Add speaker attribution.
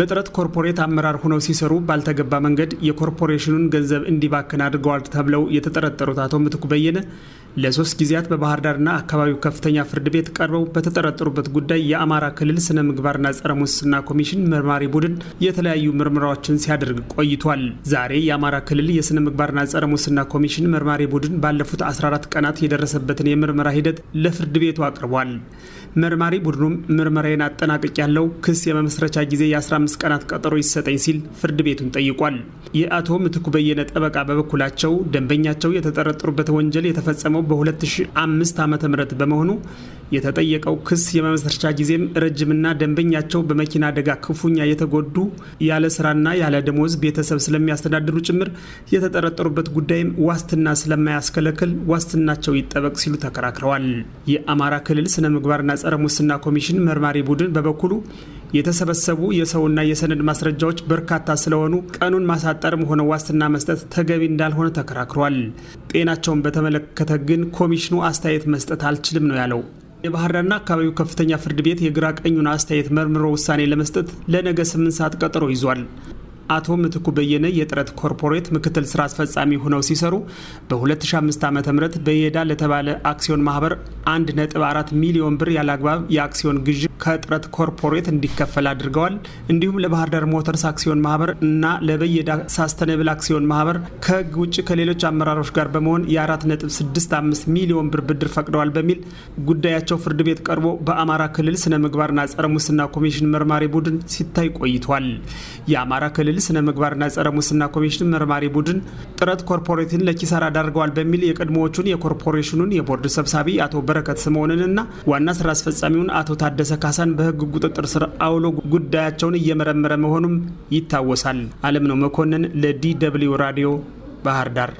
Speaker 1: በጥረት ኮርፖሬት አመራር ሆነው ሲሰሩ ባልተገባ መንገድ የኮርፖሬሽኑን ገንዘብ እንዲባክን አድርገዋል ተብለው የተጠረጠሩት አቶ ምትኩ በየነ ለሶስት ጊዜያት በባህር ዳርና አካባቢው ከፍተኛ ፍርድ ቤት ቀርበው በተጠረጠሩበት ጉዳይ የአማራ ክልል ስነ ምግባርና ጸረ ሙስና ኮሚሽን መርማሪ ቡድን የተለያዩ ምርመራዎችን ሲያደርግ ቆይቷል። ዛሬ የአማራ ክልል የስነ ምግባርና ጸረ ሙስና ኮሚሽን መርማሪ ቡድን ባለፉት 14 ቀናት የደረሰበትን የምርመራ ሂደት ለፍርድ ቤቱ አቅርቧል። መርማሪ ቡድኑም ምርመራዬን አጠናቅቅ ያለው ክስ የመመስረቻ ጊዜ የ አምስት ቀናት ቀጠሮ ይሰጠኝ ሲል ፍርድ ቤቱን ጠይቋል። የአቶ ምትኩ በየነ ጠበቃ በበኩላቸው ደንበኛቸው የተጠረጠሩበት ወንጀል የተፈጸመው በ2005 ዓ ም በመሆኑ የተጠየቀው ክስ የመመስረቻ ጊዜም ረጅምና ደንበኛቸው በመኪና አደጋ ክፉኛ የተጎዱ ያለ ስራና ያለ ደሞዝ ቤተሰብ ስለሚያስተዳድሩ ጭምር የተጠረጠሩበት ጉዳይም ዋስትና ስለማያስከለክል ዋስትናቸው ይጠበቅ ሲሉ ተከራክረዋል። የአማራ ክልል ስነ ምግባርና ጸረ ሙስና ኮሚሽን መርማሪ ቡድን በበኩሉ የተሰበሰቡ የሰውና የሰነድ ማስረጃዎች በርካታ ስለሆኑ ቀኑን ማሳጠርም ሆነ ዋስትና መስጠት ተገቢ እንዳልሆነ ተከራክሯል። ጤናቸውን በተመለከተ ግን ኮሚሽኑ አስተያየት መስጠት አልችልም ነው ያለው። የባህር ዳርና አካባቢው ከፍተኛ ፍርድ ቤት የግራ ቀኙን አስተያየት መርምሮ ውሳኔ ለመስጠት ለነገ ስምንት ሰዓት ቀጠሮ ይዟል። አቶ ምትኩ በየነ የጥረት ኮርፖሬት ምክትል ስራ አስፈጻሚ ሆነው ሲሰሩ በ2005 ዓ ም በየዳ ለተባለ አክሲዮን ማህበር 1.4 ሚሊዮን ብር ያለአግባብ የአክሲዮን ግዥ ከጥረት ኮርፖሬት እንዲከፈል አድርገዋል። እንዲሁም ለባህር ዳር ሞተርስ አክሲዮን ማህበር እና ለበየዳ ሳስተነብል አክሲዮን ማህበር ከህግ ውጭ ከሌሎች አመራሮች ጋር በመሆን የ4.65 ሚሊዮን ብር ብድር ፈቅደዋል በሚል ጉዳያቸው ፍርድ ቤት ቀርቦ በአማራ ክልል ስነ ምግባርና ጸረ ሙስና ኮሚሽን መርማሪ ቡድን ሲታይ ቆይቷል። የአማራ ክልል ክልል ስነ ምግባርና ጸረ ሙስና ኮሚሽን መርማሪ ቡድን ጥረት ኮርፖሬትን ለኪሳራ ዳርገዋል በሚል የቀድሞዎቹን የኮርፖሬሽኑን የቦርድ ሰብሳቢ አቶ በረከት ስምዖንንና ዋና ስራ አስፈጻሚውን አቶ ታደሰ ካሳን በህግ ቁጥጥር ስር አውሎ ጉዳያቸውን እየመረመረ መሆኑም ይታወሳል። አለም ነው መኮንን ለዲ ደብልዩ ራዲዮ ባህር ዳር